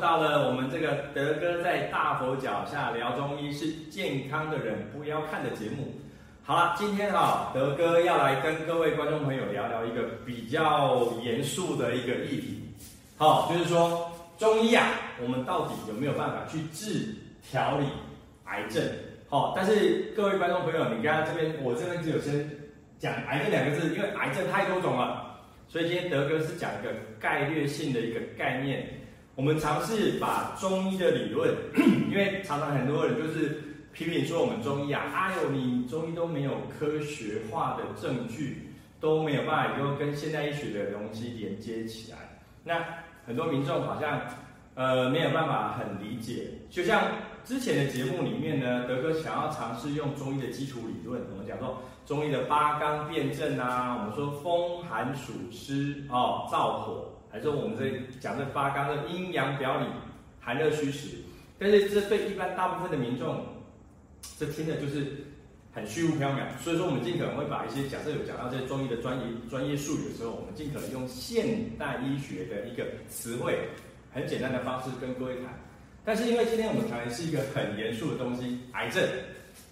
到了我們這個德哥在大佛腳下聊中醫是健康的人不要看的節目。好了，今天啊，德哥要來跟各位觀眾朋友聊聊一個比較嚴肅的一個議題。好、哦，就是說中醫啊，我們到底有沒有辦法去治調理癌症？好、哦，但是各位觀眾朋友，你看到這邊，我這邊只有先講癌症兩個字，因為癌症太多種了，所以今天德哥是講一個概略性的一個概念。我們嘗試把中醫的理論，因為常常很多人就是批評，評說我們中醫啊，哎呦，你中醫都沒有科學化的證據，都沒有辦法就跟現代醫學的東西連接起來。那很多民眾好像呃沒有辦法很理解。就像之前的節目裡面呢，德哥想要嘗試用中醫的基礎理論，我們講說中醫的八綱辨證啊，我們說風寒暑濕哦，燥火。還是我們在講這八綱的陰陽表裡寒熱虛實，但是這對一般大部分的民眾，這聽着就是很虛無縹緲。所以說，我們盡可能會把一些假設有講到這些中醫的專業專業術語的時候，我們盡可能用現代醫學的一個詞彙，很簡單的方式跟各位談。但是因為今天我們談的是一個很嚴肅的東西——癌症，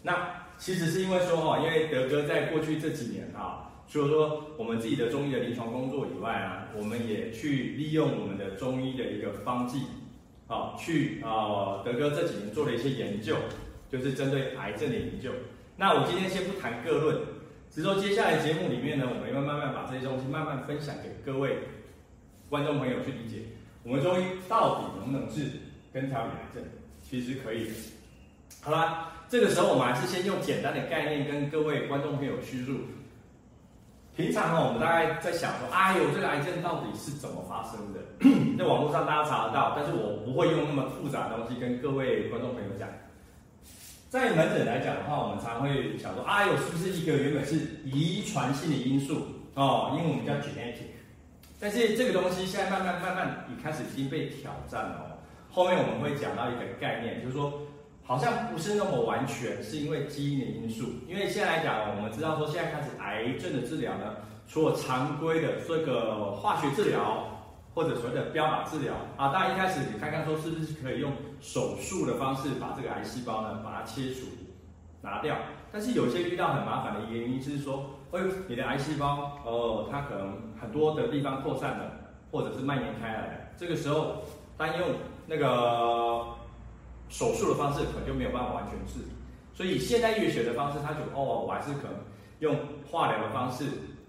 那其實是因為說哈，因為德哥在過去這幾年啊。除了說，我們自己的中醫的臨床工作以外啊，我們也去利用我們的中醫的一個方劑，啊、哦，去啊、呃，德哥這幾年做了一些研究，就是針對癌症的研究。那我今天先不談各論，只是說接下來節目裡面呢，我們要慢慢慢慢把這些東西慢慢分享給各位觀眾朋友去理解，我們中醫到底能不能治跟調理癌症？其實可以。好啦，這個時候我們還是先用簡單的概念跟各位觀眾朋友敘述。平常啊，我們大概在想說，哎呦，這個癌症到底是怎麼發生的？在網絡上大家查得到，但是我不會用那麼複雜的東西跟各位觀眾朋友講。在門診來講的話，我們常會想說，哎呦，是不是一個原本是遺傳性的因素哦，因為我們叫 genetic，但是這個東西現在慢慢慢慢已開始已經被挑戰了。後面我們會講到一個概念，就是說。好像不是那麼完全，是因為基因的因素。因為現在來講，我們知道說現在開始癌症的治療呢，除了常規的這個化學治療或者所謂的標靶治療啊，當然一開始你看看說是不是可以用手術的方式把這個癌細胞呢把它切除拿掉。但是有些遇到很麻煩的原因就是說，哦、欸，你的癌細胞哦、呃，它可能很多的地方擴散了，或者是蔓延開了。這個時候單用那個。手術的方式可能就沒有辦法完全治理。所以現代醫學的方式，他就哦、啊，我還是可能用化療的方式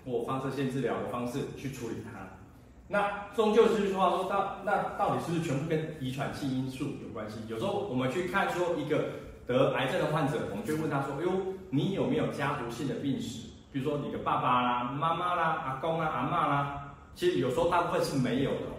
或放射線治療的方式去處理它。那終究是話說到，那到底是不是全部跟遺傳性因素有關係？有時候我們去看說一個得癌症的患者，我們就問他說：哎呦，你有沒有家族性的病史？比如說你的爸爸啦、媽媽啦、阿公啦、阿嬤啦，其實有時候大部分是沒有的。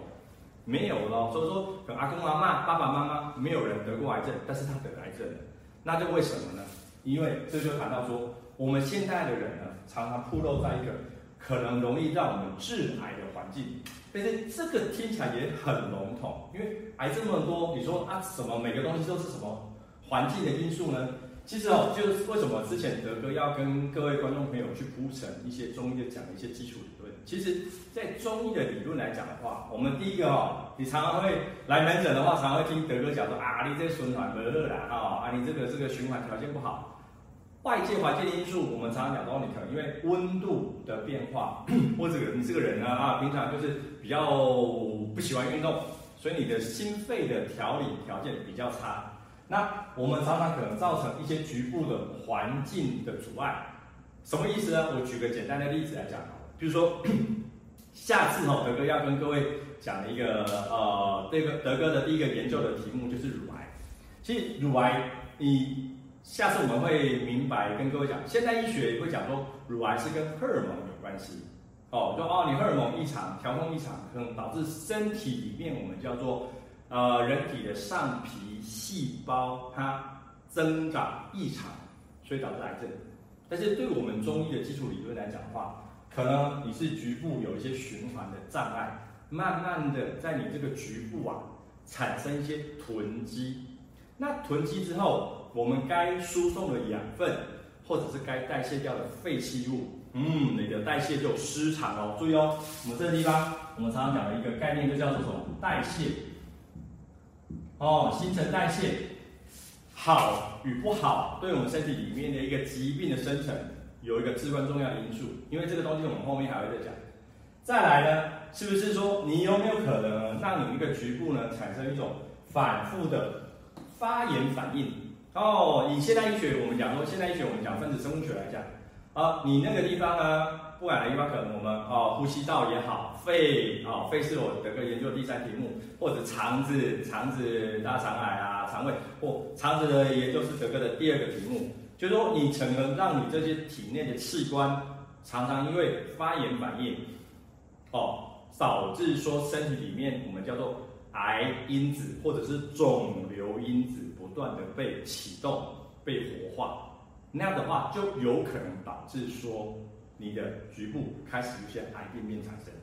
沒有咯，所以說，阿公阿嬤，爸爸媽媽沒有人得過癌症，但是他得癌症了，那就為什麼呢？因為，這就談到說，我們現代的人呢，常常曝露在一個可能容易讓我們致癌的環境，但是這個聽起來也很籠統，因為癌症那麼多，你說啊什麼？每個東西都是什麼環境的因素呢？其實哦，就是為什麼之前德哥要跟各位觀眾朋友去鋪陳一些中醫的講的一些基礎理論。其實，在中醫的理論來講的話，我們第一個哦，你常常會來門診的話，常常會聽德哥講說啊，你這循環不熱了啊，啊你這個這個循環條件不好。外界環境因素，我們常常講到你可能因為溫度的變化，或者你這個人呢，啊，啊平常就是比較不喜歡運動，所以你的心肺的調理條件比較差。那我們常常可能造成一些局部的環境的阻礙，什麼意思呢？我舉個簡單的例子來講。比如說，下次吼、哦、德哥要跟各位講一個呃，這個德哥的第一個研究的題目就是乳癌。其實乳癌，你下次我們會明白跟各位講，現代醫學也會講說乳癌是跟荷爾蒙有關係，哦，就哦你荷爾蒙異常調控異常，可能導致身體裡面我們叫做。呃，人體的上皮細胞它增長異常，所以導致癌症。但是對我們中醫的基礎理論來講的話，可能你是局部有一些循環的障礙，慢慢的在你這個局部啊產生一些囤積。那囤積之後，我們該輸送的養分，或者是該代謝掉的廢棄物，嗯，你的代謝就失常哦。注意哦，我們這個地方我們常常講的一個概念就叫做什麼？代謝。哦，新陳代謝好與不好，對我們身體裡面的一個疾病的生成有一個至關重要因素。因為這個東西，我們後面還會再講。再來呢，是不是說你有沒有可能讓你一個局部呢產生一種反覆的發炎反應？哦，以現代醫學我們講說，現代醫學我們講分子生物學來講，啊，你那個地方呢？不的一方可能我們哦，呼吸道也好，肺哦，肺是我們整個研究的第三題目，或者腸子，腸子大腸癌啊，腸胃或、哦、腸子的研究是整個的第二個題目，就是說你成能讓你這些體內的器官常常因為發炎反應，哦，導致說身體裡面我們叫做癌因子或者是腫瘤因子不斷的被啟動、被活化，那樣的話就有可能導致說你的局部開始有些癌病變產生，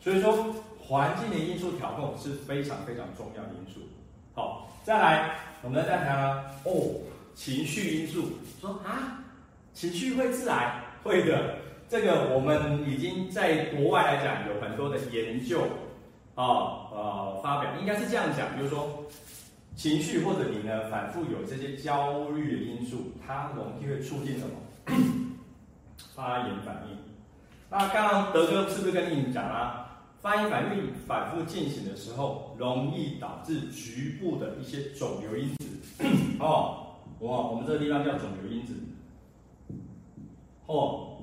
所以說環境的因素調控是非常非常重要的因素。好，再來，我們再談、啊、哦，情緒因素，說啊，情緒會致癌，會的。這個我們已經在國外來講有很多的研究啊、哦、呃發表，應該是這樣講，就是說情緒或者你呢反覆有這些焦慮因素，它容易會促進什麼？咳發炎反應，那剛剛德哥是不是跟你們講了、啊？發炎反應，反應反覆進行的時候，容易導致局部的一些腫瘤因子哦。哇，我們這個地方叫腫瘤因子，哦，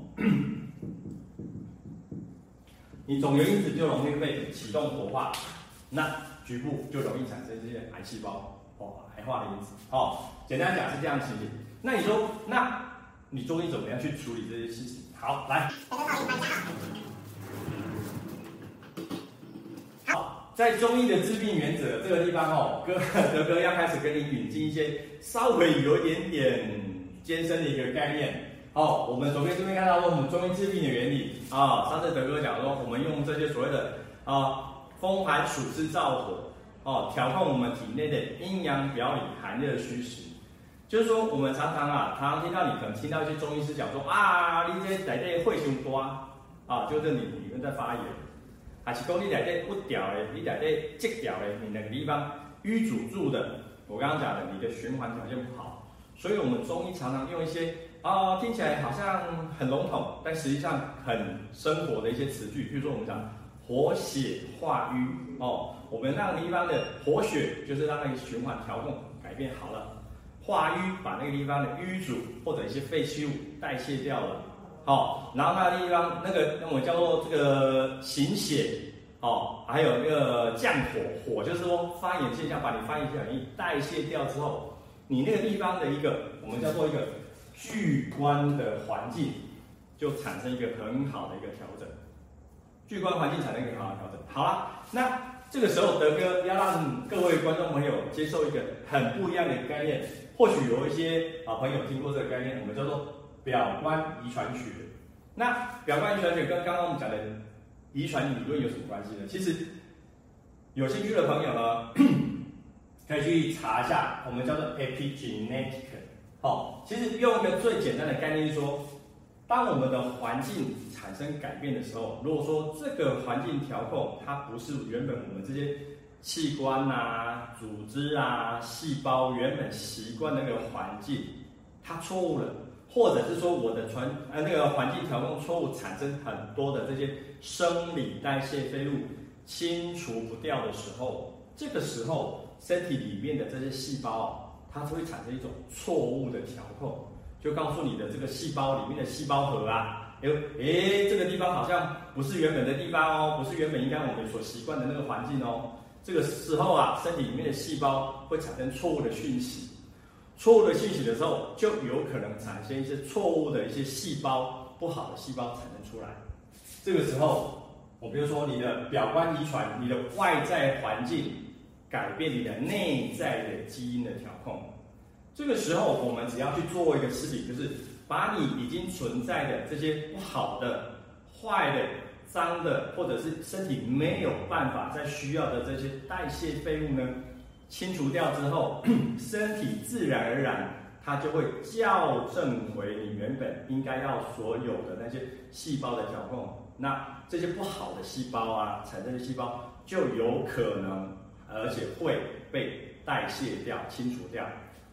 你腫瘤因子就容易被啟動活化，那局部就容易產生這些癌細胞哦，癌化的因子。哦，簡單講是這樣子。那你說，那？你中醫怎麼樣去處理這些事情？好，來。大家好，大家好。好，在中醫的治病原則這個地方哦，哥德哥要開始跟你引進一些稍微有一點點艱深的一個概念。哦，我們左邊這邊看到說，我們中醫治病的原理啊，上次德哥講說，我們用這些所謂的啊風寒暑濕燥火哦，調控我們體內的陰陽表裡寒熱虛實。就是說，我們常常啊，常常聽到你可能聽到一些中醫師講說啊，你這在這會胸痛啊，就是你你們在發炎，還是說你在這不屌的，你在這這掉的，你那個地方瘀阻住的。我剛剛講的，你的循環條件不好，所以我們中醫常常用一些啊、哦，聽起來好像很籠統，但實際上很生活的一些詞句，比如說我們講活血化瘀哦，我們那個地方的活血就是讓那個循環調控改變好了。化瘀，把那個地方的瘀阻或者一些廢棄物代謝掉了，好，然後那個地方那個那我們叫做這個行血，哦，還有那個降火，火就是說發炎現象，把你發炎現象一代謝掉之後，你那個地方的一個我們叫做一個聚關的環境，就產生一個很好的一個調整，聚關環境產生一個很好的調整。好了那。這個時候，德哥要讓各位觀眾朋友接受一個很不一樣的概念。或許有一些朋友聽過這個概念，我們叫做表觀遺傳學。那表觀遺傳學跟剛剛我們講的遺傳理論有什麼關係呢？其實有興趣的朋友呢，可以去查一下，我們叫做 epigenetic。好，其實用一個最簡單的概念是說，當我們的環境產生改變的時候，如果說這個環境調控它不是原本我們這些器官吶、啊、組織啊、細胞原本習慣的那個環境，它錯誤了，或者是說我的傳呃那個環境調控錯誤，產生很多的這些生理代謝廢物清除不掉的時候，這個時候身體裡面的這些細胞，它是會產生一種錯誤的調控。就告訴你的這個細胞裡面的細胞核啊，有誒，誒，這個地方好像不是原本的地方哦，不是原本應該我們所習慣的那個環境哦。這個時候啊，身體裡面的細胞會產生錯誤的訊息，錯誤的訊息的時候，就有可能產生一些錯誤的一些細胞，不好的細胞產生出來。這個時候，我比如說你的表觀遺傳，你的外在環境，改變你的內在的基因的調控。這個時候，我們只要去做一個事情，就是把你已經存在的這些不好的、壞的、髒的，或者是身體沒有辦法再需要的這些代謝廢物呢，清除掉之後，身體自然而然它就會校正為你原本應該要所有的那些細胞的調控。那這些不好的細胞啊，產生的細胞就有可能，而且會被代謝掉、清除掉。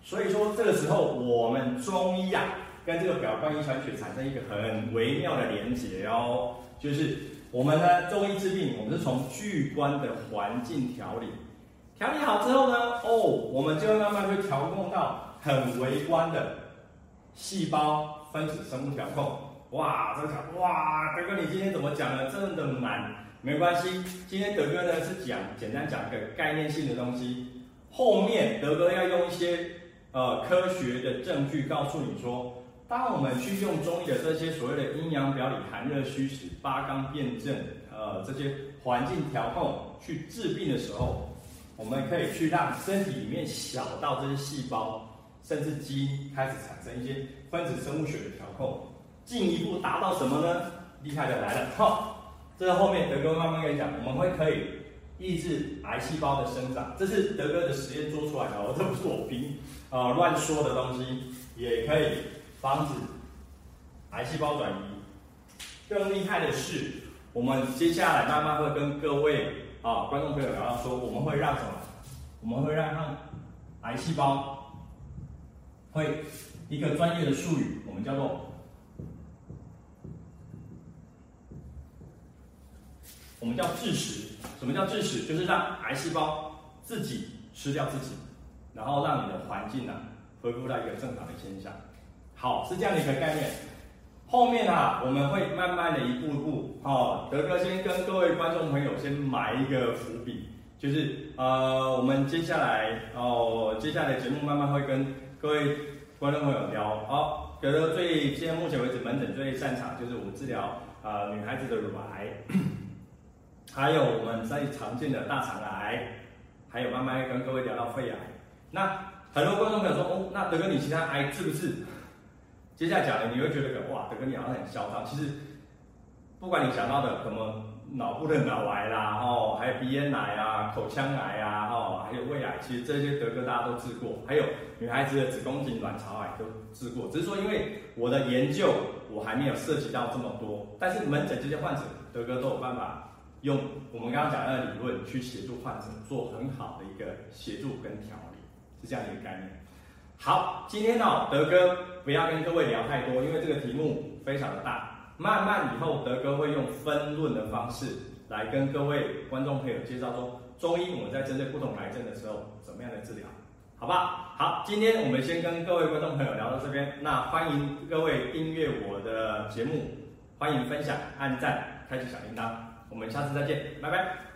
所以說這個時候，我們中醫啊，跟這個表觀遺傳學產生一個很微妙的連結哦。就是我們呢，中醫治病，我們是從巨觀的環境調理，調理好之後呢，哦，我們就會慢慢會調控到很微觀的細胞分子生物調控。哇，這個哇，德哥你今天怎麼講呢？真的蠻沒關係。今天德哥呢是講簡單講一個概念性的東西，後面德哥要用一些。呃，科學的證據告訴你說，當我們去用中醫的這些所謂的陰陽表裡、寒熱虛實、八綱辨證，呃，這些環境調控去治病的時候，我們可以去讓身體裡面小到這些細胞，甚至基因開始產生一些分子生物學的調控，進一步達到什麼呢？厲害的來了！好、哦，這後面德哥慢慢跟你講，我們會可以抑制癌細胞的生長。這是德哥的實驗做出來的，這不是我編。啊、哦，亂說的東西也可以防止癌細胞轉移。更厲害的是，我們接下來慢慢會跟各位啊、哦、觀眾朋友聊到，說，我們會讓什麼？我們會讓讓癌細胞會一個專業的術語，我們叫做我們叫自噬。什麼叫自噬？就是讓癌細胞自己吃掉自己。然後讓你的環境呢、啊、恢復到一個正常的現象。好，是這樣一個概念。後面啊，我們會慢慢的一步一步。好、哦，德哥先跟各位觀眾朋友先埋一個伏筆，就是呃，我們接下來哦，接下來節目慢慢會跟各位觀眾朋友聊。好，德哥最現在目前為止門診最擅長就是我們治療呃女孩子的乳癌， 還有我們在常見的大腸癌，還有慢慢跟各位聊到肺癌。那很多觀眾朋友說：“哦，那德哥，你其他癌治不治？”接下來講的你會覺得、這個、哇，德哥你好像很囂張。其實，不管你想到的什麼腦部的腦癌啦，哦，還有鼻咽癌啊、口腔癌啊，哦，還有胃癌，其實這些德哥大家都治過。還有女孩子的子宮頸、卵巢癌都治過，只是說因為我的研究我還沒有涉及到這麼多，但是門診這些患者，德哥都有辦法用我們剛剛講的理論去協助患者做很好的一個協助跟調。是這樣一個概念。好，今天呢、哦，德哥不要跟各位聊太多，因為這個題目非常的大。慢慢以後，德哥會用分論的方式來跟各位觀眾朋友介紹說，中醫我們在針對不同癌症的時候，怎麼樣的治療，好吧？好，今天我們先跟各位觀眾朋友聊到這邊，那歡迎各位訂閱我的節目，歡迎分享、按讚、開啟小鈴鐺，我們下次再見，拜拜。